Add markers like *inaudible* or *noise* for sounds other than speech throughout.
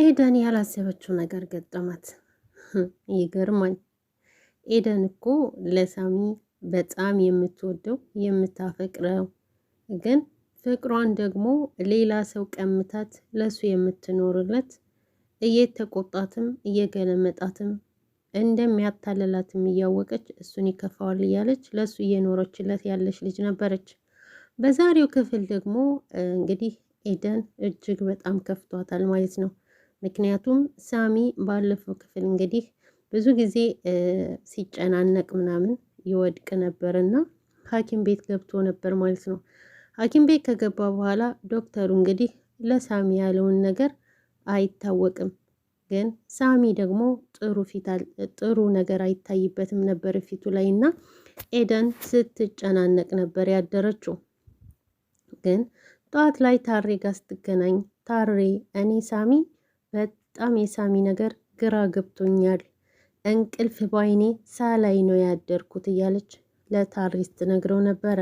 ኤደን ያላሰበችው ነገር ገጠማት። ይገርማል። ኤደን እኮ ለሳሚ በጣም የምትወደው የምታፈቅረው ግን ፍቅሯን ደግሞ ሌላ ሰው ቀምታት ለሱ የምትኖርለት እየተቆጣትም እየገለመጣትም እንደሚያታለላትም እያወቀች እሱን ይከፋዋል እያለች ለሱ እየኖረችለት ያለች ልጅ ነበረች። በዛሬው ክፍል ደግሞ እንግዲህ ኤደን እጅግ በጣም ከፍቷታል ማለት ነው። ምክንያቱም ሳሚ ባለፈው ክፍል እንግዲህ ብዙ ጊዜ ሲጨናነቅ ምናምን ይወድቅ ነበር እና ሐኪም ቤት ገብቶ ነበር ማለት ነው። ሐኪም ቤት ከገባ በኋላ ዶክተሩ እንግዲህ ለሳሚ ያለውን ነገር አይታወቅም። ግን ሳሚ ደግሞ ጥሩ ፊታል ጥሩ ነገር አይታይበትም ነበር ፊቱ ላይ እና ኤደን ስትጨናነቅ ነበር ያደረችው። ግን ጠዋት ላይ ታሬ ጋር ስትገናኝ ታሬ እኔ ሳሚ በጣም የሳሚ ነገር ግራ ገብቶኛል፣ እንቅልፍ ባይኔ ሳላይ ነው ያደርኩት እያለች ለታሪ ስትነግረው ነበረ።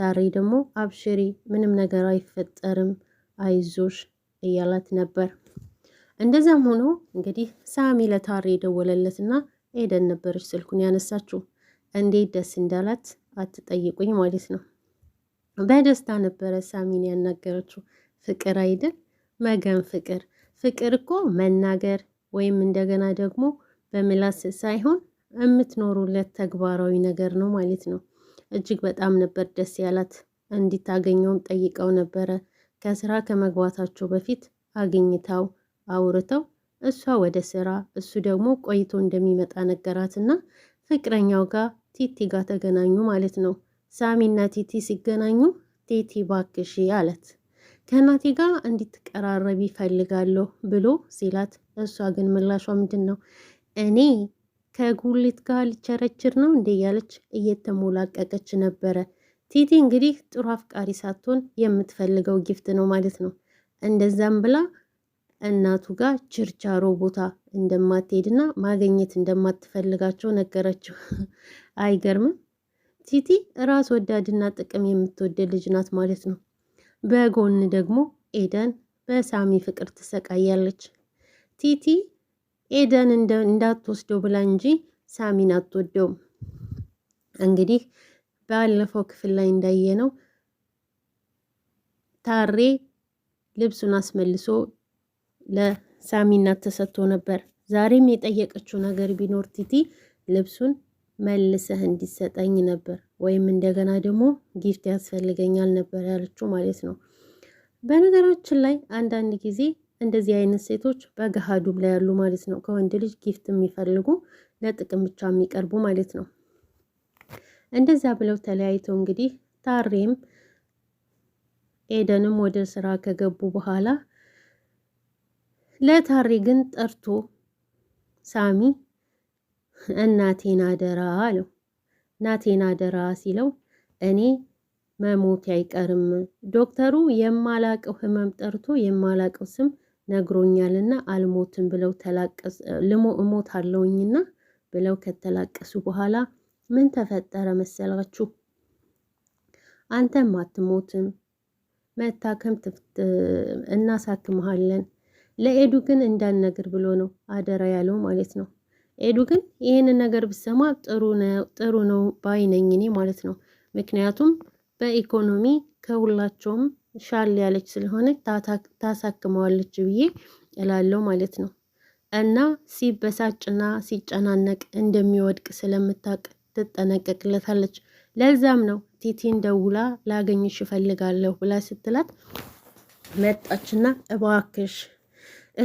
ታሪ ደግሞ አብሽሪ፣ ምንም ነገር አይፈጠርም፣ አይዞሽ እያላት ነበር። እንደዛም ሆኖ እንግዲህ ሳሚ ለታሪ የደወለለትና ኤደን ነበረች ስልኩን ያነሳችው። እንዴት ደስ እንዳላት አትጠይቁኝ ማለት ነው። በደስታ ነበረ ሳሚን ያናገረችው። ፍቅር አይደል መገን ፍቅር ፍቅር እኮ መናገር ወይም እንደገና ደግሞ በምላስ ሳይሆን የምትኖሩለት ተግባራዊ ነገር ነው ማለት ነው። እጅግ በጣም ነበር ደስ ያላት። እንዲታገኘውም ጠይቀው ነበረ። ከስራ ከመግባታቸው በፊት አግኝታው አውርተው እሷ ወደ ስራ እሱ ደግሞ ቆይቶ እንደሚመጣ ነገራትና ፍቅረኛው ጋር ቲቲ ጋር ተገናኙ ማለት ነው። ሳሚና ቲቲ ሲገናኙ ቲቲ ባክሺ አለት። ከእናቴ ጋር እንድትቀራረብ ይፈልጋለሁ ብሎ ሲላት፣ እሷ ግን ምላሿ ምንድን ነው? እኔ ከጉሊት ጋር ልቸረችር ነው እንዴ? እያለች እየተሞላቀቀች ነበረ። ቲቲ እንግዲህ ጥሩ አፍቃሪ ሳትሆን የምትፈልገው ጊፍት ነው ማለት ነው። እንደዛም ብላ እናቱ ጋር ችርቻሮ ቦታ እንደማትሄድና ማግኘት እንደማትፈልጋቸው ነገረችው። አይገርምም? ቲቲ ራስ ወዳድና ጥቅም የምትወደድ ልጅ ናት ማለት ነው። በጎን ደግሞ ኤደን በሳሚ ፍቅር ትሰቃያለች። ቲቲ ኤደን እንዳትወስደው ብላ እንጂ ሳሚን አትወደውም። እንግዲህ ባለፈው ክፍል ላይ እንዳየነው ታሬ ልብሱን አስመልሶ ለሳሚ ተሰጥቶ ነበር። ዛሬም የጠየቀችው ነገር ቢኖር ቲቲ ልብሱን መልሰህ እንዲሰጠኝ ነበር ወይም እንደገና ደግሞ ጊፍት ያስፈልገኛል ነበር ያለችው ማለት ነው። በነገራችን ላይ አንዳንድ ጊዜ እንደዚህ አይነት ሴቶች በገሃዱም ላይ ያሉ ማለት ነው። ከወንድ ልጅ ጊፍት የሚፈልጉ ለጥቅም ብቻ የሚቀርቡ ማለት ነው። እንደዚያ ብለው ተለያይተው እንግዲህ ታሬም ኤደንም ወደ ስራ ከገቡ በኋላ ለታሬ ግን ጠርቶ ሳሚ እናቴን አደራ አለው። እናቴን አደራ ሲለው እኔ መሞት አይቀርም ዶክተሩ የማላቀው ህመም ጠርቶ የማላቀው ስም ነግሮኛልና አልሞትም ብለው ልሞ እሞት አለውኝና ብለው ከተላቀሱ በኋላ ምን ተፈጠረ መሰላችሁ? አንተም አትሞትም መታከም እናሳክምሃለን። ለኤዱ ግን እንዳነግር ብሎ ነው አደራ ያለው ማለት ነው። ኤዱ ግን ይህንን ነገር ብሰማ ጥሩ ነው ባይ ነኝ እኔ ማለት ነው። ምክንያቱም በኢኮኖሚ ከሁላቸውም ሻል ያለች ስለሆነ ታሳክመዋለች ብዬ እላለሁ ማለት ነው። እና ሲበሳጭና ሲጨናነቅ እንደሚወድቅ ስለምታውቅ ትጠነቀቅለታለች። ለዛም ነው ቲቲን ደውላ ላገኝሽ እፈልጋለሁ ብላ ስትላት መጣችና እባክሽ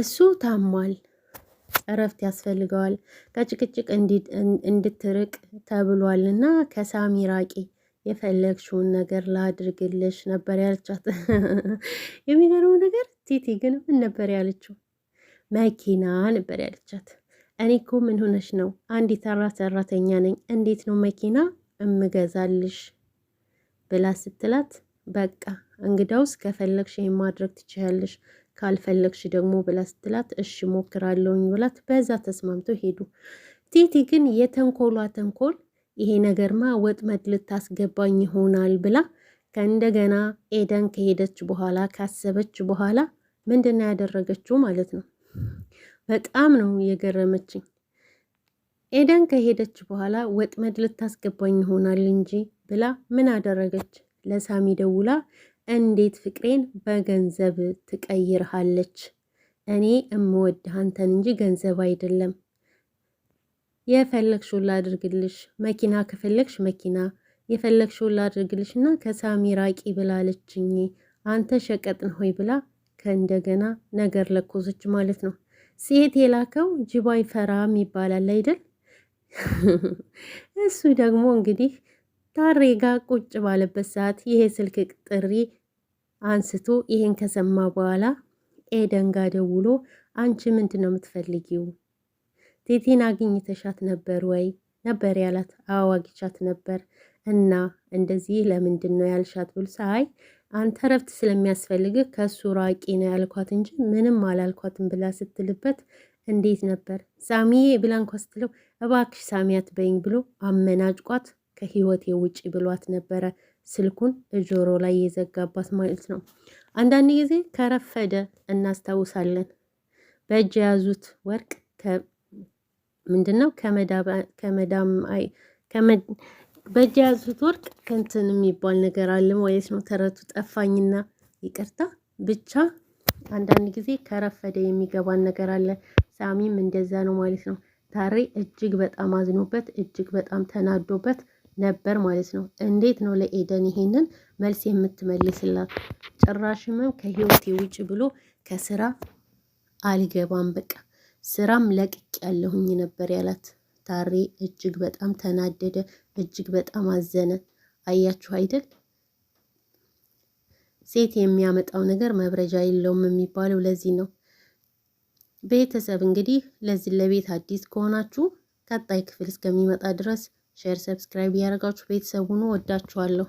እሱ ታሟል እረፍት ያስፈልገዋል። ከጭቅጭቅ እንድትርቅ ተብሏል እና ከሳሚ ራቂ የፈለግሽውን ነገር ላድርግልሽ ነበር ያለቻት። *laughs* የሚገርመው ነገር ቲቲ ግን ምን ነበር ያለችው? መኪና ነበር ያለቻት። እኔ እኮ ምን ሆነሽ ነው? አንድ ተራ ሰራተኛ ነኝ። እንዴት ነው መኪና እምገዛልሽ ብላ ስትላት፣ በቃ እንግዳውስ ከፈለግሽ ይህን ማድረግ ትችያለሽ ካልፈለግሽ ደግሞ ብላ ስትላት እሺ ሞክራለውኝ ብላት በዛ ተስማምተው ሄዱ። ቲቲ ግን የተንኮሏ ተንኮል ይሄ ነገርማ ወጥመድ ልታስገባኝ ይሆናል ብላ ከእንደገና ኤደን ከሄደች በኋላ ካሰበች በኋላ ምንድን ያደረገችው ማለት ነው። በጣም ነው የገረመችኝ። ኤደን ከሄደች በኋላ ወጥመድ ልታስገባኝ ይሆናል እንጂ ብላ ምን አደረገች? ለሳሚ ደውላ እንዴት ፍቅሬን በገንዘብ ትቀይርሃለች? እኔ እምወድህ አንተን እንጂ ገንዘብ አይደለም። የፈለግሽውን ላድርግልሽ፣ መኪና ከፈለግሽ መኪና፣ የፈለግሽውን ላድርግልሽ እና ከሳሚ ራቂ ብላለችኝ። አንተ ሸቀጥን ሆይ ብላ ከእንደገና ነገር ለኮሰች ማለት ነው። ሴት የላከው ጅባይ ፈራም ይባላል አይደል? እሱ ደግሞ እንግዲህ ታሬጋ ቁጭ ባለበት ሰዓት ይሄ ስልክ ጥሪ አንስቶ ይሄን ከሰማ በኋላ ኤደን ጋ ደውሎ አንቺ ምንድን ነው የምትፈልጊው? ቴቴን አግኝተሻት ነበር ወይ ነበር ያላት። አዋጊቻት ነበር እና እንደዚህ ለምንድን ነው ያልሻት ብሎ ሳይ አንተ ረፍት ስለሚያስፈልግ ከሱ ራቂ ነው ያልኳት እንጂ ምንም አላልኳትም ብላ ስትልበት እንዴት ነበር ሳሚዬ ብላ እንኳ ስትለው እባክሽ ሳሚያት በይኝ ብሎ አመናጭቋት ከህይወቴ ውጪ ብሏት ነበረ። ስልኩን እጆሮ ላይ የዘጋባት ማለት ነው። አንዳንድ ጊዜ ከረፈደ እናስታውሳለን። በእጅ የያዙት ወርቅ ምንድነው? በእጅ የያዙት ወርቅ ከንትን የሚባል ነገር አለ ማለት ነው። ተረቱ ጠፋኝና ይቅርታ ብቻ። አንዳንድ ጊዜ ከረፈደ የሚገባን ነገር አለ። ሳሚም እንደዛ ነው ማለት ነው። ታሬ እጅግ በጣም አዝኖበት እጅግ በጣም ተናዶበት ነበር ማለት ነው። እንዴት ነው ለኤደን ይሄንን መልስ የምትመልስላት? ጭራሽምም ከህይወቴ ውጭ ብሎ ከስራ አልገባም በቃ ስራም ለቅቅ ያለሁኝ ነበር ያላት። ታሬ እጅግ በጣም ተናደደ፣ እጅግ በጣም አዘነ። አያችሁ አይደል ሴት የሚያመጣው ነገር መብረጃ የለውም የሚባለው ለዚህ ነው። ቤተሰብ እንግዲህ ለዚህ ለቤት አዲስ ከሆናችሁ ቀጣይ ክፍል እስከሚመጣ ድረስ ሼር፣ ሰብስክራይብ እያደረጋችሁ ቤተሰብ ሁኑ። ወዳችኋለሁ።